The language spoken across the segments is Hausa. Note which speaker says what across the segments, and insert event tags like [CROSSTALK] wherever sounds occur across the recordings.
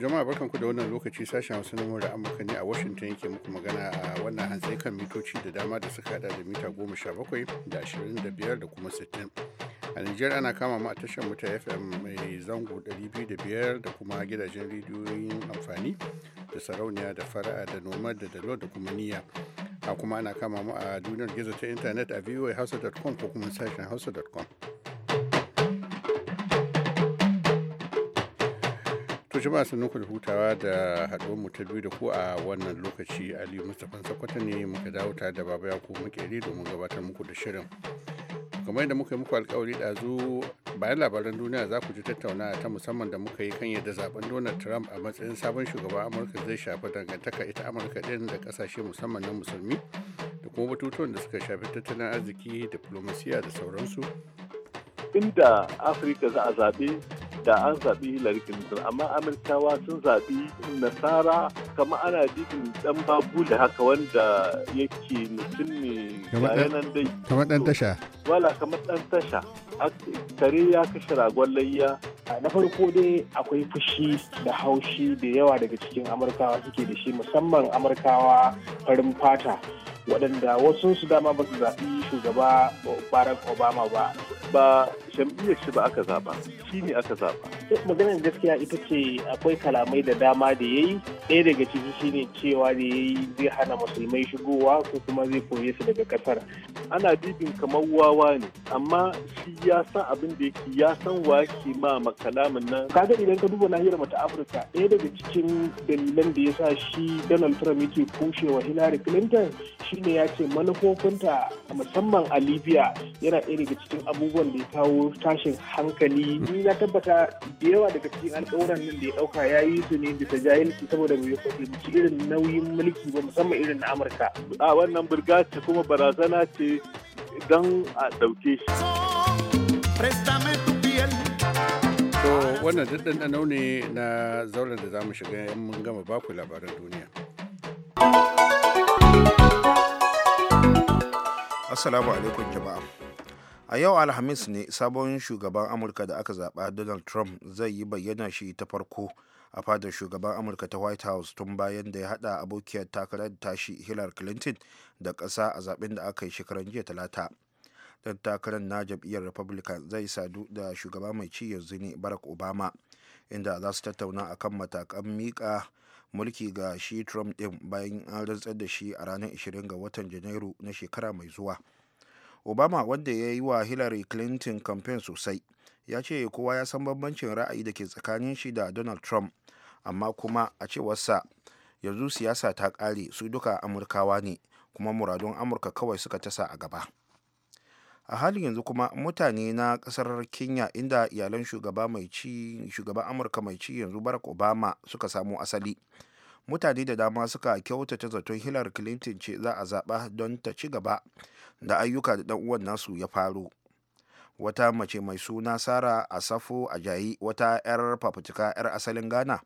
Speaker 1: jama'a barkanku da wannan lokaci sashen hausa na da amurka ne a washington yake muku magana a wannan hantsai kan mitoci da dama da suka hada da mita goma sha bakwai da ashirin da biyar da kuma sittin a nijar ana kama ma a tashar mita fm mai zango ɗari biyu da biyar da kuma gidajen rediyoyin amfani da sarauniya da fara'a da noma da dalo da kuma niyya a kuma ana kama ma a duniyar gizo ta intanet a voahausa.com ko kuma sashen hausa.com To jama'a sannu da hutawa da haɗuwar mu ta biyu da ku a wannan lokaci Aliyu Mustapha Sakwata ne muka dawo tare da Baba Yakubu Makeri domin gabatar muku da shirin. kamar yadda muka yi muku alkawari ɗazu bayan labaran duniya za ku ji tattauna ta musamman da muka yi kan yadda zaben donald trump a matsayin sabon shugaban amurka zai shafi dangantaka ita amurka ɗin da ƙasashe musamman na musulmi da kuma batutuwan da suka shafi tattalin arziki diplomasiya da sauransu inda afirka za
Speaker 2: a zaɓe da an zaɓi hillary clinton amma amurkawa sun zaɓi nasara kama ana jikin dan babule haka wanda yake mutum ne bayanan
Speaker 1: dai kamar dan tasha
Speaker 2: wala kamar dan tasha tare ya kashe ragon
Speaker 3: layya na farko dai akwai fushi da haushi da yawa daga cikin amurkawa suke da shi musamman amurkawa farin fata waɗanda wasu su dama ba su zaɓi shugaba barack obama
Speaker 2: ba jam'iyyar shi ba aka zaba shi ne aka zaba
Speaker 3: eh, maganar gaskiya ita ce akwai kalamai da dama da ya yi ɗaya daga ciki shine cewa da ya yi zai hana musulmai shigowa ko kuma zai koye su daga ƙasar
Speaker 2: ana bibin kamar wawa ne amma shi ya san abin da yake ya san ke ma makalamin nan
Speaker 3: kaga idan ka duba nahiyar mu ta afirka ɗaya daga cikin dalilan da ya sa shi donald trump yake kushewa hillary clinton shine ya ce manufofinta musamman a libya yana ɗaya daga cikin abubuwan da ya kawo tashin hankali ni na tabbata da yawa daga cikin alƙawuran nan da ya ɗauka ya yi su ne bisa jahilci saboda bai
Speaker 2: fahimci irin nauyin mulki ba musamman irin na amurka a wannan burga ce kuma barazana
Speaker 1: ce don a ɗauke shi to wannan daɗin ne na zauren da za mu shiga mun gama baku
Speaker 4: labaran duniya assalamu alaikum jama'a a yau alhamis ne sabon shugaban amurka da aka zaba donald trump zai yi bayyana shi ta farko a fadar shugaban amurka ta white house tun bayan da ya hada abokiyar takarar tashi hillary clinton da kasa a zaben da aka yi shekaran jiya talata dan takarar na jam'iyyar republican zai sadu da shugaba mai ci yanzu ne barack obama inda za su tattauna akan matakan miƙa mulki ga shi trump din bayan an rantsar da shi a ranar 20 ga watan janairu na shekara mai zuwa. obama wanda ya yi wa hillary clinton campaign sosai ya ce kowa ya san bambancin ra'ayi da ke tsakanin shi da donald trump amma kuma a cewarsa yanzu siyasa ta ƙare su duka amurkawa ne kuma muradun amurka kawai suka tasa a gaba a halin yanzu kuma mutane na kasar kenya inda iyalan shugaba shugaban amurka mai ci yanzu barack obama suka samu asali mutane da dama suka kyautata zaton hillary clinton ce za a zaɓa don ta ci gaba da ayyuka da uwan nasu ya faru wata mace mai suna sara asafo jayi wata 'yar fafutuka 'yar asalin ghana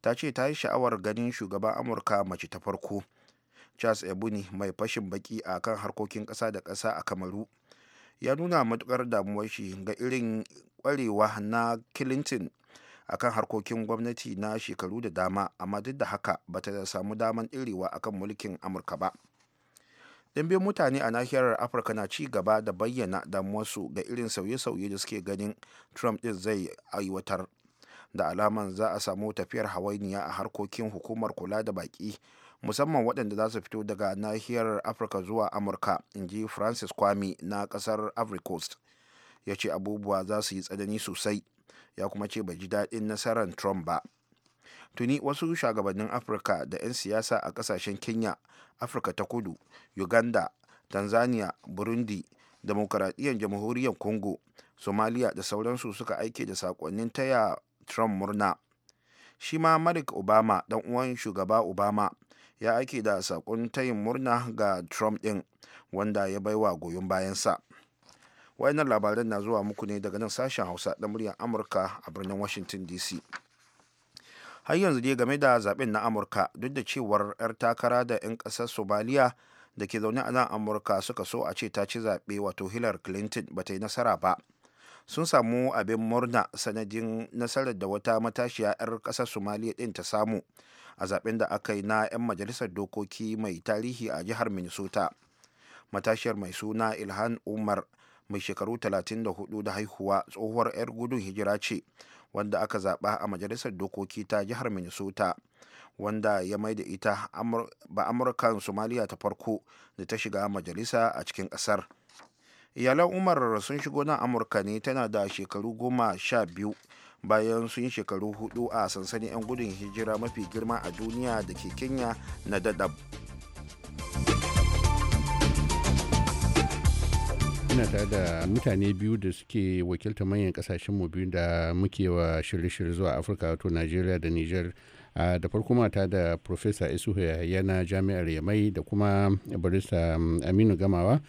Speaker 4: ta ce ta yi sha'awar ganin shugaban amurka mace ta farko charles ebuni mai fashin baki a kan harkokin ƙasa da ƙasa a kamaru ya nuna matukar damuwar shi ga irin kwarewa na clinton akan harkokin gwamnati na shekaru da dama amma duk da haka bata samu daman irewa akan mulkin amurka ba ɗimbin mutane a nahiyar afirka na ci gaba da bayyana damuwarsu ga irin sauye-sauye da suke ganin trump ɗin zai aiwatar da alaman za a samu tafiyar hawainiya a harkokin hukumar kula da baƙi musamman waɗanda za su fito daga nahiyar afirka zuwa amurka in ji francis kwami na ƙasar ivory coast ya ce abubuwa za su yi tsanani sosai ya kuma ce bai ji daɗin nasarar trump ba tuni wasu shugabannin afirka da 'yan siyasa a ƙasashen kenya afirka ta kudu uganda tanzania burundi demokaradiyyar jamhuriyar congo somalia da sauransu suka aike da saƙonnin taya trump murna shi ma marik obama dan uwan shugaba obama ya aike da saƙon tayin murna ga trump ɗin wanda ya baiwa goyon bayansa wayannan labaran na zuwa muku ne daga nan sashen hausa da muryar amurka a birnin washington dc har yanzu dai game da zaben na amurka duk da cewar 'yar takara da 'yan ƙasar somaliya da ke zaune a nan amurka suka so a ce ta ci zaɓe wato hillary clinton ba ta yi nasara ba sun samu abin murna sanadin nasarar da wata matashiya 'yar ƙasar somaliya ɗin ta samu a zaben da aka yi na 'yan majalisar dokoki mai tarihi a jihar minnesota matashiyar mai suna ilhan umar mai shekaru 34 da haihuwa tsohuwar 'yar gudun hijira ce wanda aka zaɓa a majalisar dokoki ta jihar minnesota wanda ya mai da ita ba amurkan somaliya ta farko da ta shiga majalisa a cikin ƙasar iyalan umar sun shigo nan amurka ne tana da shekaru goma sha biyu bayan sun shekaru hudu a sansanin 'yan gudun hijira mafi girma a duniya da ke kenya na dadab
Speaker 1: muna tare da mutane biyu da suke wakilta manyan kasashen mu biyu da muke wa shirye-shirye zuwa afirka wato nigeria da niger da farko mata da profesa isuhu yana jami'ar yamai da kuma barista um, aminu gamawa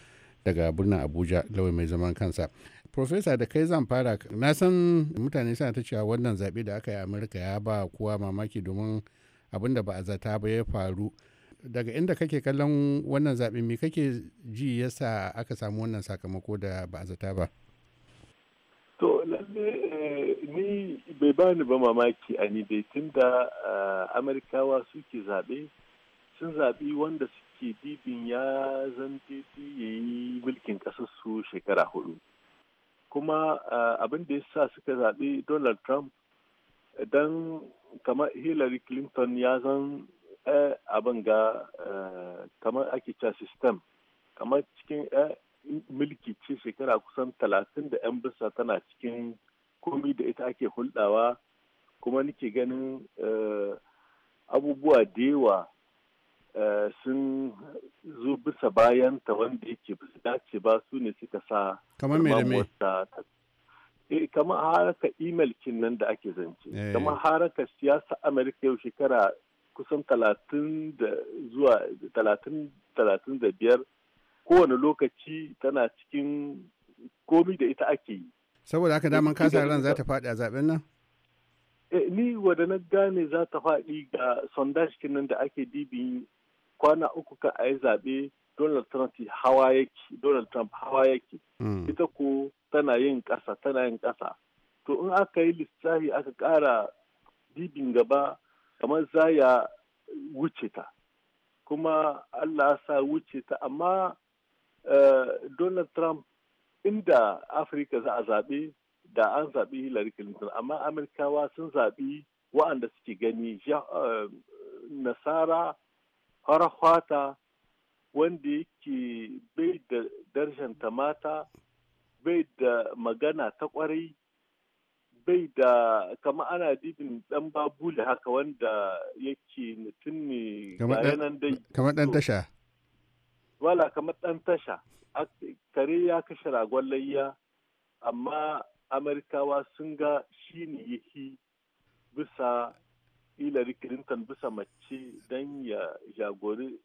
Speaker 1: daga birnin abuja lawai mai zaman kansa profesa da kai zan fara na san mutane suna ta cewa wannan zaɓe da aka yi amurka ya ba kowa mamaki domin abin da ba a zata ba ya faru daga inda kake kallon wannan zaɓe me kake ji yasa aka samu wannan sakamako da ba a zata ba
Speaker 2: to lalle eh, ni bai bani ba mamaki a ni dai da eh, amurkawa suke zaɓe sun zaɓi wanda suke bibin ya zan daidai ya yi mulkin ƙasarsu shekara hudu kuma eh, abin da ya sa suka zaɓi donald trump don kamar hillary clinton ya zan abin ga eh, kamar ake cewa system kamar cikin mulki ce shekara kusan talatin da 'yan bisa tana cikin komi da ita ake hulɗawa kuma nike ganin eh, abubuwa da yawa eh, sun zo bisa bayan ta wanda yake bisa dace ba su ne suka sa kamar me haraka email kin nan da ake zance kamar haraka siyasa amerika yau shekara kusan talatin da zuwa talatin talatin da biyar kowane lokaci tana cikin komi da ita ake yi
Speaker 1: saboda haka daman kasa ran za ta faɗi a zaben nan
Speaker 2: eh, ni wadda na gane za ta faɗi ga sondage nan da ake dibin kwana uku ka a yi zaɓe Donald Trump hawa yake Donald Trump hawa yake hmm. ita ko tana yin ƙasa tana yin ƙasa to in aka yi lissafi aka ƙara dibin gaba kamar za ya wuce ta kuma allah sa wuce ta amma eh, donald trump inda afirka za a zaɓe da an zaɓi hillary clinton amma amurkawa sun zaɓi wa'anda suke gani eh, nasara harahwata wanda yake bai da darshen mata bai da magana ta kwarai bai da kama ana didin dan babule haka wanda yake mutum ne bayanan dai
Speaker 1: kamar dan tasha
Speaker 2: wala kamar dan tasha kare ya kashe ragon layya amma amurkawa sun ga shi ne yake bisa Hillary Clinton bisa mace don ya jagori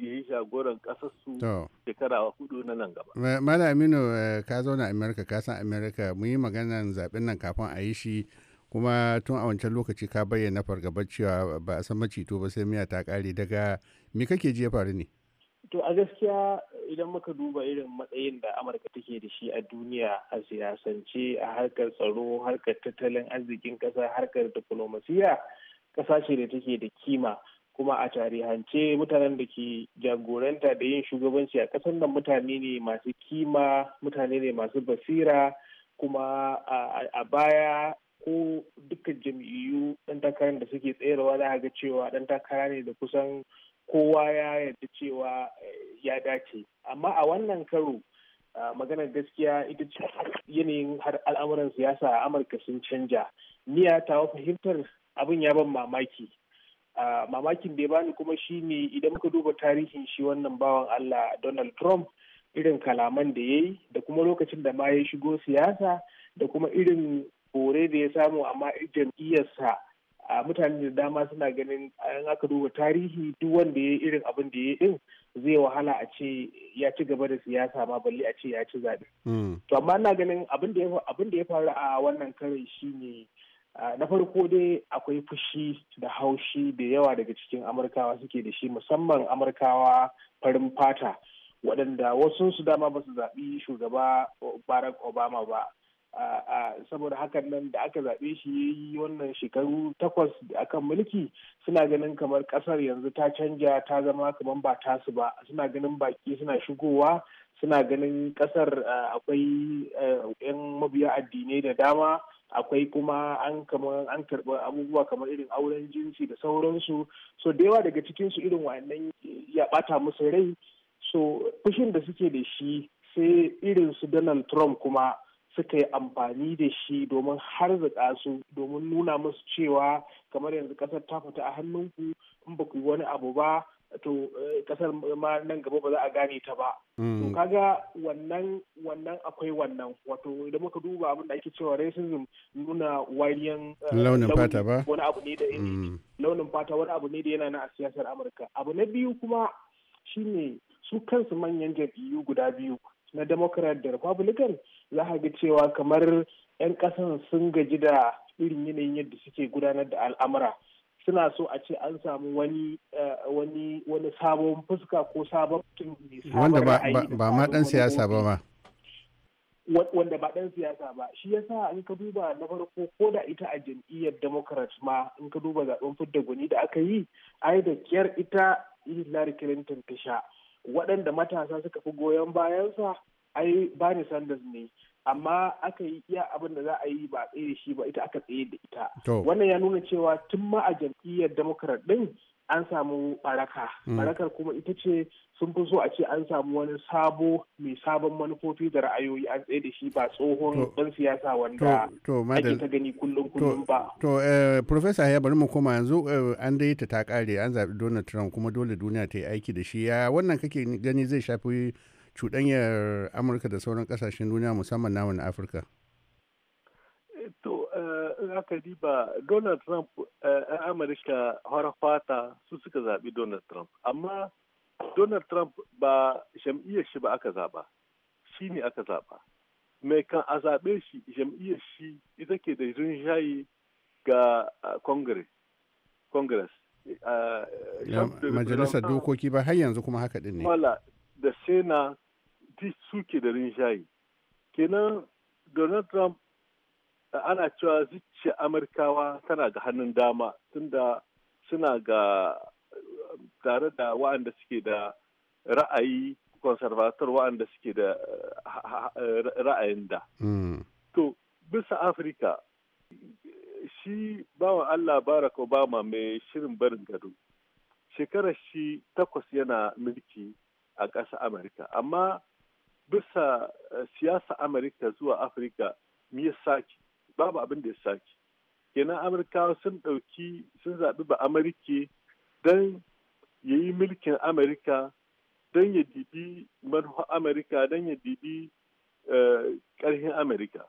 Speaker 2: yi jagoran su shekara hudu na nan gaba.
Speaker 1: Mala Aminu eh, ka zauna Amerika ka san Amerika mun yi maganar zaɓen nan kafin a yi shi kuma tun a wancan lokaci ka bayyana fargabar cewa ba a san macito ba sai miya ta kare daga me kake ji ya faru ne?
Speaker 3: To a gaskiya idan muka duba irin matsayin da Amurka take da shi a duniya a siyasance a harkar tsaro harkar tattalin arzikin ƙasa harkar diplomasiya ƙasashe da take da kima kuma a tarihance mutanen da ke jagoranta da yin shugabanci a ƙasar nan mutane ne masu kima mutane ne masu basira kuma a baya ko duka jam'iyyu ɗan takarar da suke tsayarwa za a ga cewa dan takara ne da kusan kowa ya yarda cewa eh, ya dace amma a wannan karo maganar gaskiya ita ce yanayin har al'amuran siyasa a amurka sun canja miya ta fahimtar abin ya ban mamaki mamakin da ya bani kuma shine idan muka duba tarihin shi wannan bawan Allah Donald Trump irin kalaman da ya yi da kuma lokacin da ma ya shigo siyasa da kuma irin bore da ya samu amma jam'iyyarsa a mutane da dama suna ganin an aka duba tarihi duk wanda ya yi irin abin da ya yi din zai wahala a ce ya ci gaba da siyasa ma balle a ce ya ci zaɓe. Hmm. To amma ina ganin abin da ya faru a wannan karin shine na farko dai akwai fushi da haushi da yawa daga cikin amurkawa suke da shi musamman amurkawa farin fata waɗanda wasu su dama ba su zaɓi shugaba barack obama ba saboda hakan nan da aka zaɓe shi ya yi wannan shekaru takwas akan mulki suna ganin kamar ƙasar yanzu ta canja ta zama kamar ba tasu ba suna ganin baƙi suna shigowa suna ganin ƙasar akwai 'yan eh, mabiya addinai da dama akwai kuma an kamar an karɓi abubuwa kamar irin auren jinsi da sauransu so da yawa daga cikin su irin wannan ya ɓata musu rai so fushin da suke da shi sai irin su donald trump kuma suka yi amfani da shi domin harzuka su domin nuna musu cewa kamar yanzu ƙasar ta fita a hannunku in ba ku yi wani abu ba to eh, kasar ma nan gaba ba za a gane ta ba mm. to kaga wannan wannan akwai wannan wato idan muka duba abin da ake cewa racism nuna wariyan eh, launin fata ba wani abu ne da mm. launin fata wani abu ne da yana na a siyasar amurka abu na biyu kuma shine su kansu manyan jam'iyyu guda biyu na democrat da republican za ka ga cewa kamar 'yan kasan sun gaji da irin yanayin yadda suke gudanar da al'amura suna so a ce an samu wani eh, wani sabon fuska ko sabon mutum wanda ba ma dan siyasa ba ma wanda ba dan siyasa ba shi yasa in ka duba na farko ko da ita a jam'iyyar democrat ma in ka duba zaɓen fidda guni da aka yi ai da kyar ita hillary clinton ta sha waɗanda matasa suka fi goyon bayansa ai bani sanders ne amma aka yi iya abin da za a yi ba tsaye shi ba ita aka tsaye da ita wannan ya nuna cewa tun ma a jam'iyyar democrat din an samu baraka mm. barakar kuma ita ce sun fi so a ce an samu wani sabo mai sabon manufofi da ra'ayoyi an tsaye da shi ba tsohon ɗan siyasa wanda ake ta gani kullum kullum ba.
Speaker 1: To, eh, Profesa ya bari mu koma yanzu eh, an dai ta ta kare an zaɓi Donald Trump kuma dole duniya ta yi aiki da shi ya wannan kake gani zai shafi cuɗanyar amurka da sauran ƙasashen duniya musamman namu na afirka
Speaker 2: eh, to eh, in aka diba donald trump yan eh, amurka har fata su suka zaɓi donald trump amma donald trump ba jam'iyyar shi ba aka zaɓa shi ne aka zaɓa mai kan a zaɓe shi jam'iyyar shi ita ke da rinjaye ga congress congress majalisar dokoki
Speaker 1: ba har yanzu kuma haka din ne
Speaker 2: wala da sena duk suke da rinjaye kenan donald trump eh, ana cewa zuciya amurkawa tana ga hannun dama tunda suna ga tare da wa'anda suke da ra'ayi conservator wa'anda suke da eh, eh, ra'ayin da mm. to bisa afirka shi bawan allah barack obama mai shirin barin gado shekarar shi takwas yana mulki a ƙasa amurka amma bisa eh, siyasa amurka zuwa afirka ya saki babu abin da ya saki kenan amurkawa sun ɗauki sun zaɓi ba amurki don ya yi mulkin amurka don ya dibi manufa amurka don ya dibi eh, ƙarhin amurka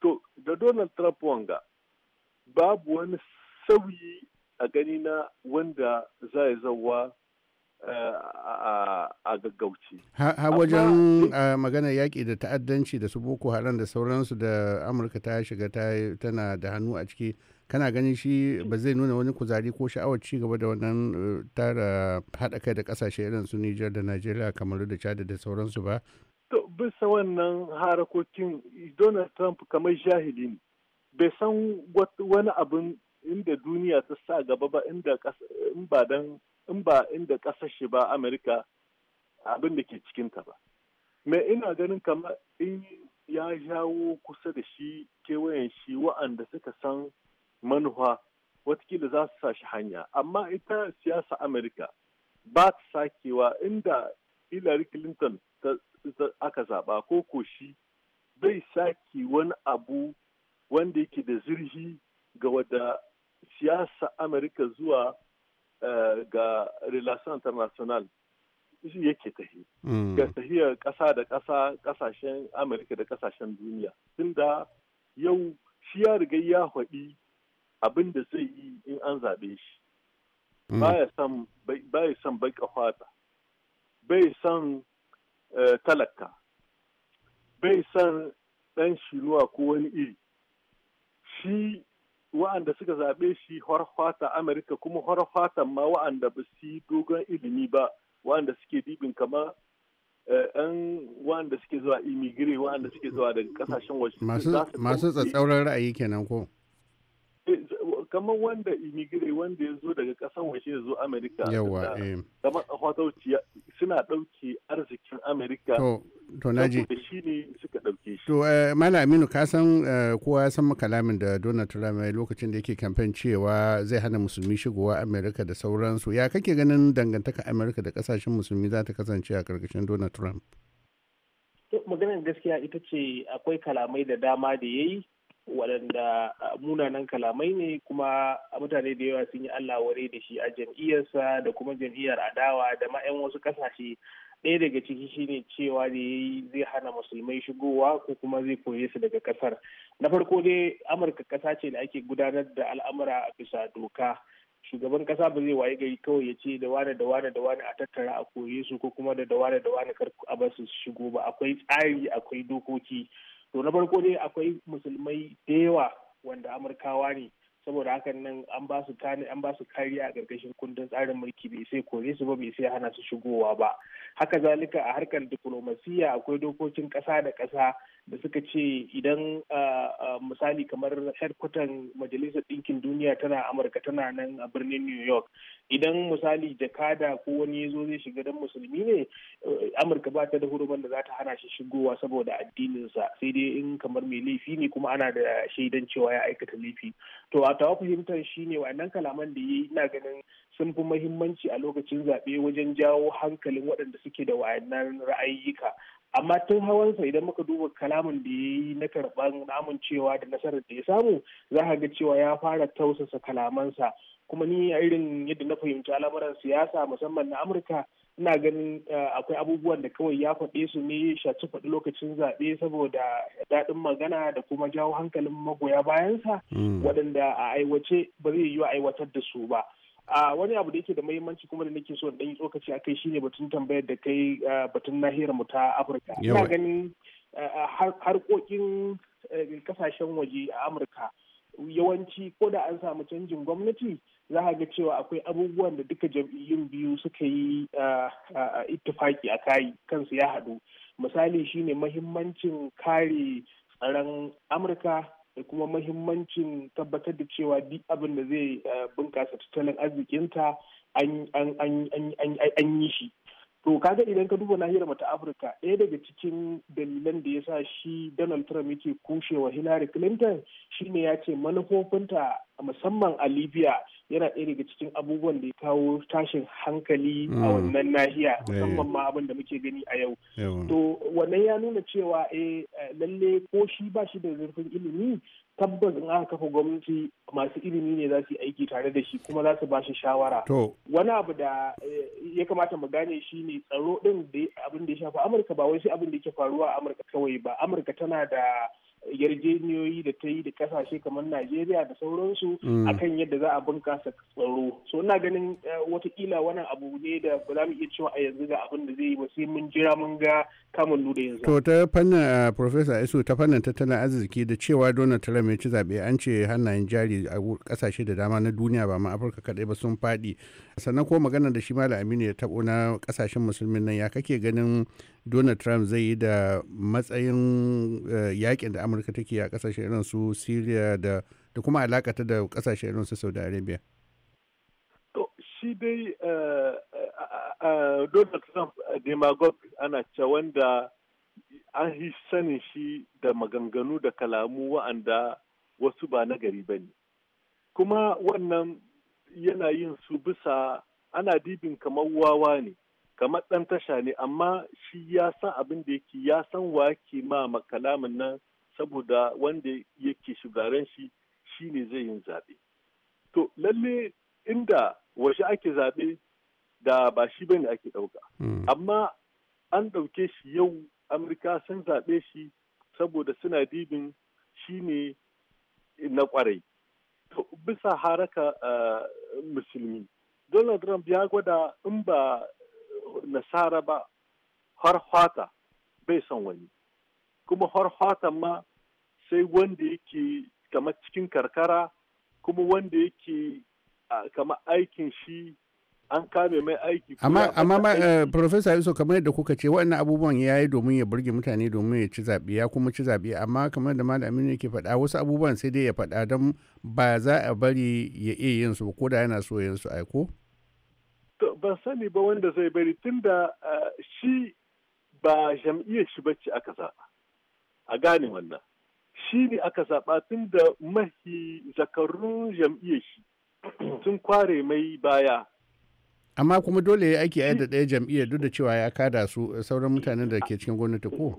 Speaker 2: to da donald trump wanga babu wani sauyi a gani na wanda za ya zauwa a gaggauci. Ha wajen
Speaker 1: magana yaƙi da ta'addanci da su boko haram da sauransu da Amurka ta shiga tana da hannu a ciki kana ganin shi ba zai nuna wani kuzari ko sha'awar ci gaba da wannan uh, tara haɗa kai da ƙasashe irin su Nijar da Najeriya kamar da Chad da sauransu ba?
Speaker 2: To bisa wannan harakokin Donald Trump kamar jahili ne. Bai san wani abin inda duniya ta sa gaba ba inda in ba dan in ba inda ƙasar shi ba Amerika abin da ke cikinta ba. Me ina ganin kamar in ya jawo kusa da shi kewayen shi wa'anda suka san manuwa watakila za su sa shi hanya. Amma ita siyasa Amerika ba ta sakewa inda Hillary Clinton aka zaɓa ko ko shi bai saki wani abu wanda yake da zirhi ga wadda siyasa Amerika zuwa Eh, ga relation international yake tahi hmm. ga tahiyar ƙasa da ƙasa ƙasashen amurka da ƙasashen duniya tunda yau shi ya riga ya haɗi abin da zai yi in an zaɓe shi hmm. baya son baƙa fata bai son eh, talaka bai san ɗan shinuwa ko wani iri shi wa'anda suka zaɓe shi fata Amerika kuma horfatan ma wa'anda ba su yi dogon ilimi ba wa'anda suke dibin kama ɗan eh, wa'anda suke zuwa imigire wa'anda suke zuwa daga kasashen waje. Masu
Speaker 1: tsatsauran ra'ayi kenan ko?
Speaker 2: Eh, kamar wanda imigire wanda ya zo daga kasan waje ya zo Amerika. Yawa, eh. Kamar suna ɗauke arzikin Amerika. to naji da
Speaker 1: shi to eh, mala aminu ka san eh, kowa ya san makalamin da donald trump ya lokacin da yake kamfen cewa zai hana musulmi shigowa america da sauransu ya kake ganin dangantaka america da kasashen musulmi za ta kasance a karkashin donald trump
Speaker 3: maganar gaskiya ita ce akwai kalamai da dama da yayi waɗanda munanan kalamai ne kuma mutane da yawa sun yi Allah ware da shi a jam'iyyarsa da kuma jam'iyyar adawa da mayan wasu kasashe. ɗaya daga ciki shine cewa da ya yi zai hana musulmai shigowa ko kuma zai koye su daga kasar na farko dai amurka kasa ce da ake gudanar da al'amura a bisa doka shugaban kasa ba zai waye gari kawai ya ce da wane da wane da wane a tattara a koye su ko kuma da wane da wane kar a basu shigo ba akwai tsari akwai dokoki to na farko dai akwai musulmai da yawa wanda amurkawa ne saboda hakan nan an ba su kariya a ƙarƙashin kundin tsarin mulki bai sai kore su ba bai sai hana su shigowa ba haka zalika a harkar diplomasiya akwai dokokin ƙasa da ƙasa da suka ce idan misali kamar headquarter majalisar ɗinkin duniya tana amurka tana nan a birnin new york idan misali jakada ko wani ya zo zai shiga dan musulmi ne amurka ba ta da huruman da za ta hana shi shigowa saboda addininsa sai dai in kamar mai laifi ne kuma ana da shaidan cewa ya aikata laifi to a tawa fahimtar shi ne wa'annan kalaman da ya yi ina ganin sun fi mahimmanci a lokacin zaɓe wajen jawo hankalin waɗanda suke da wayannan ra'ayyuka amma tun hawansa idan muka duba kalamin da ya yi na karɓar amincewa da nasarar da ya samu za ka ga cewa ya fara tausasa kalamansa kuma ni a irin yadda na fahimci al'amuran siyasa musamman na amurka ina ganin eh, akwai abubuwan da kawai ya faɗe su ne shaci faɗi lokacin zaɓe saboda daɗin magana da kuma jawo hankalin magoya bayansa hmm. waɗanda a aiwace ba zai yiwu aiwatar da su ba a wani abu da yake da mahimmanci kuma da nake so dan yi tsokaci a kai shine batun tambayar da kai batun nahiyar mu ta afirka ina ganin harkokin kasashen waje a amurka yawanci ko da an samu canjin gwamnati za a ga cewa akwai abubuwan da duka jam'iyyun biyu suka yi ittifaki a kai kansu ya haɗu misali shine mahimmancin kare tsaron amurka da kuma mahimmancin tabbatar da cewa duk abin da zai eh, bunkasa tattalin arzikinta an yi shi to kaga idan ka duba nahiyar mu ta afirka ɗaya daga cikin dalilan da ya sa shi donald trump yake kushewa hillary clinton shi ne ya ce manufofinta musamman a libya yana ɗaya daga cikin abubuwan da ya kawo tashin hankali a mm. wannan nahiya eh. musamman ma abin da muke gani a yau to wannan ya nuna cewa eh lalle ko shi ba shi da zurfin ilimi tabbas in aka kafa gwamnati masu ilimi ne za su yi aiki tare da shi kuma za su ba shi shawara. Wani abu da eh, ya kamata mu gane shi ne tsaro ɗin da abin da ya shafa Amurka ba wai shi abin da ke faruwa a Amurka kawai ba. Amurka tana da yarjejeniyoyi da ta yi da kasashe kamar najeriya da sauransu mm. akan yadda za a bunkasa tsaro so ina ganin eh, watakila wannan abu ne da ba za mu iya cewa a yanzu ga abin da zai yi ba sai mun jira mun ga kamun
Speaker 5: luda yanzu
Speaker 1: to ta fannin eh, professor isu ta fannin tattalin arziki da cewa donald trump ya ci zaɓe an ce hannayen jari a kasashe da dama na duniya ba ma afirka kaɗai ba sun faɗi sannan ko magana da shi malam aminu ya taɓo na kasashen musulmin nan ya kake ganin donald trump zai yi da matsayin eh, yakin da amurka take a kasashe irin su syria da kuma alakata da kasashe irin su saudi arabia
Speaker 2: to shi dai eh, eh, donald trump demagogue ana ce wanda an yi sanin shi da maganganu da kalamu wa'anda wasu ba na gari ba ne kuma wannan yana yin su bisa ana dibin kamar wawa ne kamar ɗan tasha ne amma shi ya san abin da yake ya san wa yake ma makalamin nan saboda wanda yake shugaren shi shi ne zai yin zaɓe to lalle inda washe ake zaɓe da ba shi bane ake ɗauka hmm. amma an ɗauke shi yau amurka sun zaɓe shi saboda suna dibin shi ne na kwarai to bisa haraka eh, musulmi donald trump ya gwada in ba nasara ba har hata bai son wani kuma har hata ma sai wanda yake kama cikin karkara kuma wanda yake kama aikin shi an kame mai aiki
Speaker 1: amma amma ma eh, professor Iso kamar yadda kuka ce waɗannan abubuwan ya yi domin ya burge mutane domin ya ci zaɓe ya kuma ci zaɓe amma kamar da malam Aminu yake faɗa wasu abubuwan sai dai ya faɗa don ba za a bari ya iya yin su ko da yana so yin su aiko
Speaker 2: ban sani ba wanda zai bari tunda shi ba jam'iyyar shi bacci aka zaɓa a gane wannan shi ne aka zaɓa tunda mahi zakarun jam'iyyar shi tun [CLEARS THROAT] kware mai baya
Speaker 1: amma kuma dole ya aiki da ɗaya jam'iyyar duk da cewa ya kada su eh, sauran mutanen da ke cikin gwamnati ko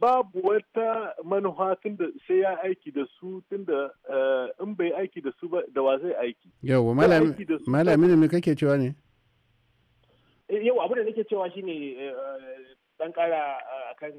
Speaker 2: babu wata manufa tunda sai ya aiki da su tunda eh, in bai aiki da su ba da wa zai aiki
Speaker 1: yawa malamin me kake cewa ne
Speaker 2: eh, yau abu da nake cewa
Speaker 3: shi shine eh, dan kara akan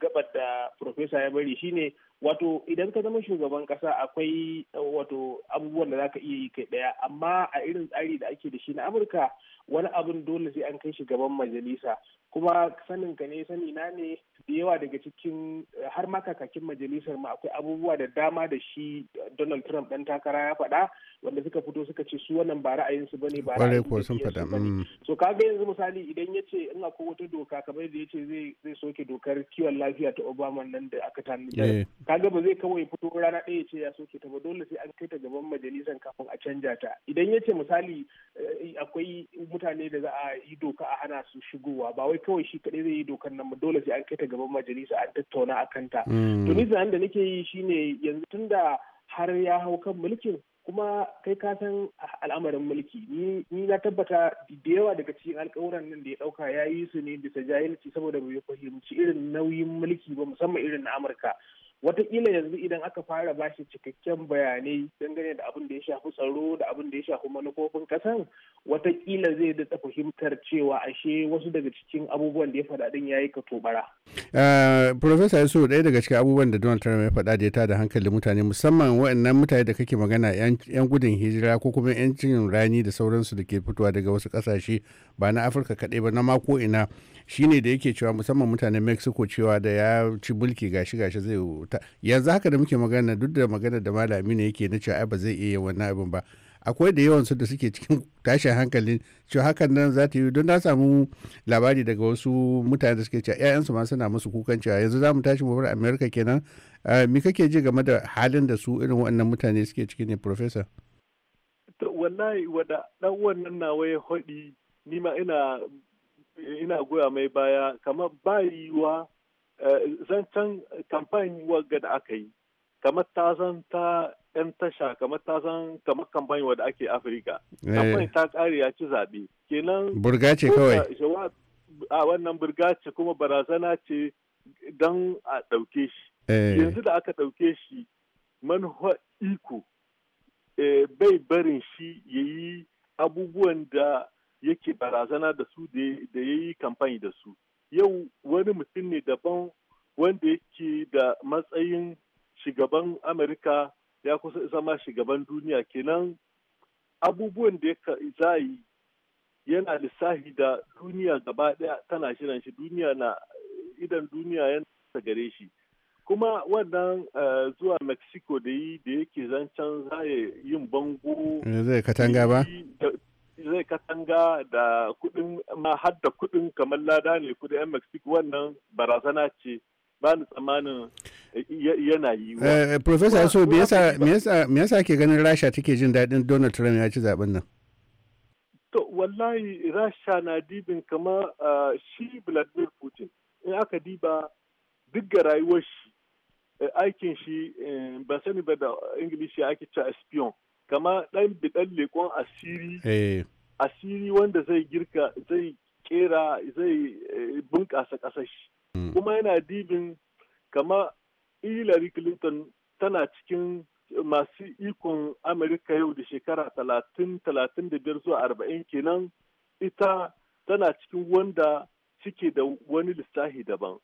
Speaker 3: gabar da profesa ya bari ne wato idan ka zama shugaban kasa akwai wato abubuwan da za ka iya yi kai ɗaya amma a irin tsari da ake da shi na amurka wani abun dole sai an kai shi gaban majalisa kuma sanin ka ne sani na ne da yawa daga cikin har ma kakakin majalisar ma akwai abubuwa da dama da shi Donald Trump dan takara ya faɗa wanda suka fito suka ce su wannan ba ra'ayin su bane ba ra'ayin ko sun
Speaker 1: mm.
Speaker 3: so kaga yanzu misali idan ya ce ina akwai wata doka kamar da ya ce zai soke dokar kiwon lafiya ta Obama nan da aka eh. ka kaga ba zai kawai fito rana ɗaya ce ya soke ta ba dole sai an kai ta gaban majalisar kafin a canja ta idan ya ce misali eh, akwai mutane da za a yi doka a hana su shigowa ba wai kawai shi kaɗai zai yi dokar nan dole sai an kai ta gaban majalisa an tattauna a kanta. Hmm. To ni da nake yi shine yanzu tun da har ya hau kan mulkin kuma kai ka san al'amarin mulki ni na tabbata da yawa daga cikin alƙawuran nan da ya ɗauka ya yi su ne bisa jahilci saboda bai fahimci irin nauyin mulki ba musamman irin na amurka Wataƙila yanzu idan aka fara bashi cikakken bayanai dangane da abin da ya shafi tsaro da abin da ya shafi manufofin ƙasan wataƙila zai da fahimtar cewa ashe wasu daga cikin abubuwan da ya faɗa din ka tobara.
Speaker 1: Eh, Profesa Yusuf ɗaya daga cikin abubuwan da Donald Trump ya faɗa da ya tada hankali mutane musamman waɗannan mutane da kake magana 'yan gudun hijira ko kuma 'yan cin rani da sauransu da ke fitowa daga wasu ƙasashe ba na Afirka kaɗai ba na mako ina Shi ne da yake cewa musamman mutanen mexico cewa da ya ci mulki gashi gashi zai wuta yanzu haka da muke magana duk da magana da malami ne yake na cewa ai ba zai iya wannan abin ba akwai da yawan su da suke cikin tashin hankali. cewa hakan nan za ta yi don na samu labari daga wasu mutane da suke cewa 'ya'yansu ma suna musu kukan cewa yanzu za mu tashi mu bar america kenan ah, me kake ji game da halin da su irin waɗannan mutane suke ciki ne professor
Speaker 2: wallahi wada dan wannan nawa ya hodi ni ma ina ina goya mai baya kamar ba yiwuwa eh, zancen kamfani wadda da aka yi kamar ta zan ta yan tasha kamar ta zan kamar kamfani wadda ake afirka kamfani eh. ta kare ya ci zaɓe kenan burga ce kawai a wannan burga ce kuma barazana ce don a ɗauke shi
Speaker 5: eh. yanzu da
Speaker 2: aka ɗauke shi manuwa iko bai barin shi ya yi abubuwan da yake barazana da su da ya yi kamfani da su yau wani mutum ne daban wanda yake da matsayin shugaban amurka ya kusa zama shugaban duniya kenan abubuwan da za yi yana lissafi da duniya gaba daya tana shirin shi duniya na idan duniya yana gare shi kuma wannan eh, zuwa mexico da yi da yake zancen za yin bango zai katanga ba zai katanga da kuɗin ma har da kuɗin kamar lada ne yan mexico wannan barazana ce ba ni tsammanin yana yi wa. Profesa so me
Speaker 1: yasa ke ganin Rasha take jin daɗin Donald Trump ya ci zaben nan?
Speaker 2: To wallahi Rasha na dibin kama shi Vladimir Putin in aka diba duk ga rayuwar shi eh, aikin shi eh, ba sani ba da Ingilishi ake a espion. kama ɗan biɗan leƙon asiri eh. asiri wanda zai girka zai kera zai eh, bunƙasa ƙasashe. Hmm. kuma yana dibin kama hillary clinton tana cikin masu ikon amurka yau da shekara talatin talatin zuwa arba'in kenan ita tana cikin wanda cike da wani lissahi daban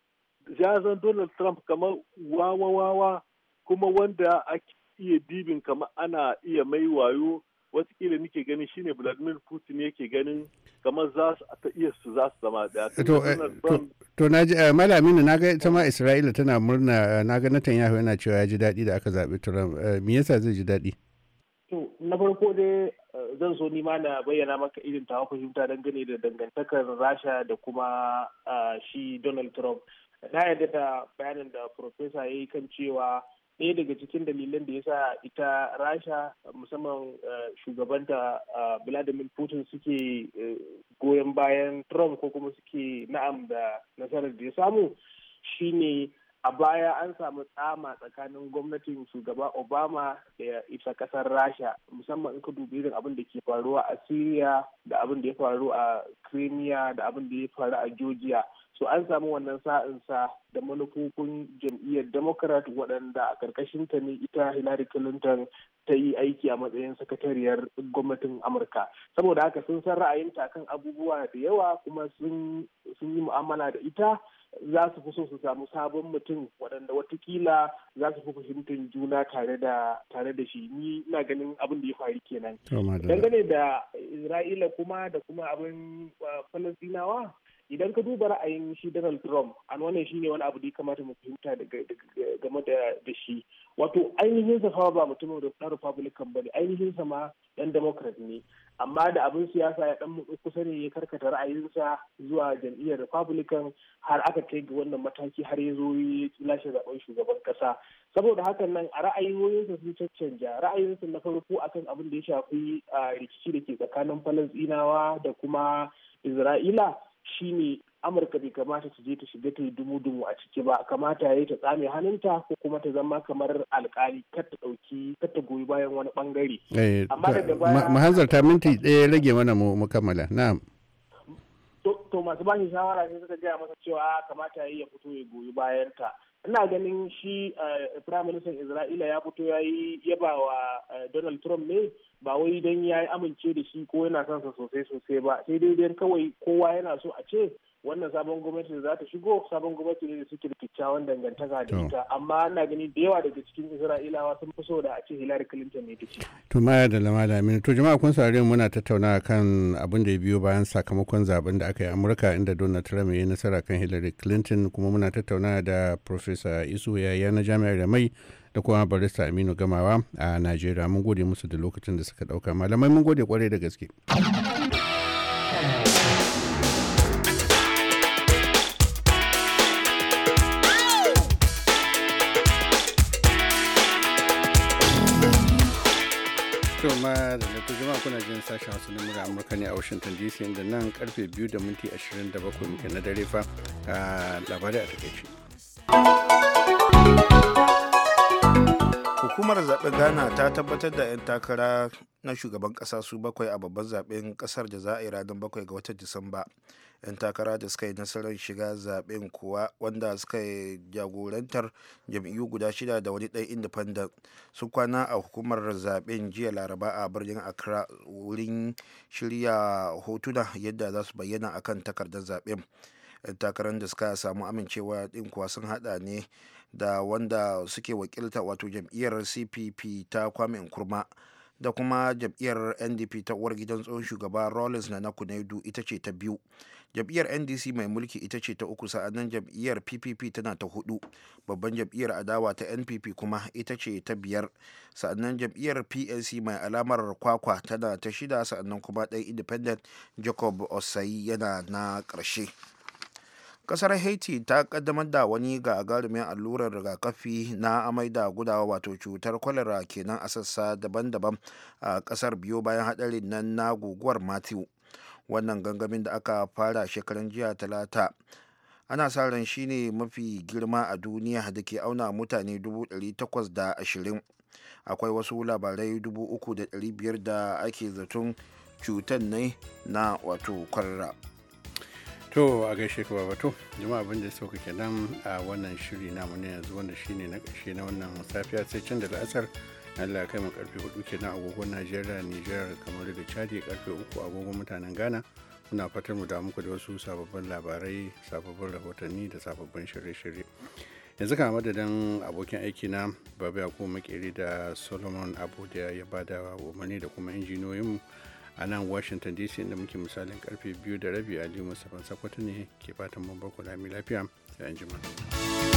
Speaker 2: ya donald trump kamar wawa-wawa kuma wanda ake iya dibin kama ana iya mai wayo watakila nike gani shine vladimir putin yake ganin kamar za su ta iya su za su zama daya
Speaker 1: to na ji malamina na ga ita ma isra'ila tana murna eh, na ga netanyahu yana cewa ya ji daɗi da aka zaɓi trump eh, me yasa zai ji daɗi
Speaker 3: to na farko dai eh, zan so nima na bayyana maka irin tawa fahimta dangane da dangantakar rasha da kuma shi donald trump na yadda da bayanin da profesa ya yi kan cewa ɗaya daga cikin dalilan da ya sa ita rasha musamman eh, shugabanta eh, vladimir putin suke eh, goyon bayan trump ko kuma suke na'am da nasarar da ya samu shine a baya an samu tsama tsakanin gwamnatin shugaba obama da ita kasar rasha musamman in ka dubi irin abin da ke faruwa a syria da abin da ya faru a crimea da abin da ya faru a georgia so an samu wannan sa'insa da manufofin jam'iyyar democrat waɗanda a ƙarƙashin ta ne ita hillary clinton ta yi aiki a matsayin sakatariyar gwamnatin amurka saboda haka sun san ra'ayinta kan abubuwa da yawa kuma sun yi mu'amala da ita za su fi so su samu sabon mutum waɗanda watakila za su fi fahimtar juna tare da shi ni na ganin abin da ya faru kenan dangane da isra'ila kuma da kuma abin uh, falasinawa idan ka duba ra'ayin shi Donald Trump an wannan shi ne wani abu da ya kamata mu fahimta game da shi wato ainihin sa ba mutumin ɗan Republican ba ne ainihin sa ma dan Democrat ne amma da abin siyasa ya ɗan kusa ne ya karkata ra'ayinsa zuwa jam'iyyar Republican har aka kai ga wannan mataki har ya zo ya lashe zaben shugaban kasa saboda hakan nan a ra'ayoyinsa sun caccanja ra'ayinsa na farko akan abin da ya shafi rikici da ke tsakanin Falasɗinawa da kuma Isra'ila shine amurka bai kamata su je ta shiga ta yi dumu dumu a ciki ba kamata ya ta tsame hannunta ko kuma ta zama kamar alkali kar ta dauki kar ta goyi bayan wani bangare
Speaker 5: eh,
Speaker 1: amma daga minti ɗaya rage mana mu kammala na'am
Speaker 3: to masu bashi shawara sai suka gaya masa cewa kamata ya fito ya goyi bayan ta ina ganin shi eh, prime minister isra'ila ya fito ya yi yaba wa eh, donald trump ne ba wai dan ya yi amince da shi ko yana son sa sosai sosai ba sai dai dai kawai kowa yana so a ce wannan sabon gwamnati da za ta shigo sabon gwamnati ne da suke da kyakkyawan dangantaka da ita amma ana gani da yawa daga cikin isra'ilawa sun fi so da a ce hillary clinton ne take
Speaker 1: to maya da lama da to jama'a kun saurare muna tattauna kan abin da ya biyo bayan sakamakon zaben da aka yi amurka inda donald trump ya nasara kan hillary clinton kuma muna tattauna da professor isu yaya na jami'ar da mai da kuma barista aminu gamawa a najeriya mun gode musu da lokacin da suka dauka malamai mun gode kwarai da gaske to da kuna jin sashen hausa na mura amurka ne a washington dc inda nan karfe 2 da minti 27 muke na dare fa ah, labarai a takaici
Speaker 4: hukumar zaɓen ghana ta tabbatar da 'yan takara na shugaban ƙasa su bakwai a babban zaɓen ƙasar da za a yi ranar bakwai ga watan disamba 'yan takara da suka yi nasarar shiga zaɓen kuwa wanda suka yi jagorantar jam'iyyu guda shida da wani ɗan independent sun kwana a hukumar zaɓen jiya laraba a birnin accra wurin shirya hotuna yadda za su bayyana akan takardar zaɓen 'yan takarar da suka samu amincewa ɗin kuwa sun haɗa ne da wanda suke wakilta wato jam'iyyar cpp ta kwame nkrumah da kuma jam'iyyar ndp ta uwar gidan tsohon shugaba rawlins na na kunaidu ita ce ta biyu jam'iyyar ndc mai mulki ita ce ta uku sa'annan jam'iyyar ppp tana ta hudu babban jam'iyyar adawa ta npp kuma ita ce ta biyar sa'annan jam'iyyar pnc mai alamar kwakwa tana ta shida sa'annan kuma ɗan independent jacob osai yana na ƙarshe. kasar haiti ta kaddamar da wani gagarumin allurar rigakafi na amai da gudawa wato cutar kwalara kenan a sassa daban-daban a kasar biyu bayan hadarin nan na guguwar matthew wannan gangamin da aka fara shekaran jiya talata ana sa ran shine mafi girma a duniya da ke auna mutane 820 akwai wasu labarai 3,500 da ake zaton cutar ne na wato kwalara. to
Speaker 1: a gaishe ka babato jama'a abin da sauka kenan a wannan shiri na ne yanzu wanda shine na ƙarshe na wannan safiya sai can da la'asar Allah kai mu karfe 4 nan agogon Najeriya Nijar kamar da Chadi karfe uku agogon mutanen Ghana muna fatar mu da muku da wasu sababbin labarai sababbin rahotanni da sababbin shirye-shirye yanzu kama madadin abokin aiki na babu yakubu makeri da solomon abu da ya bada umarni da kuma injiniyoyinmu a nan washington dc inda muke misalin karfe biyu da rabi aliyu musamman sakwato ne ke fatan mun baku lami lafiya sai an jima.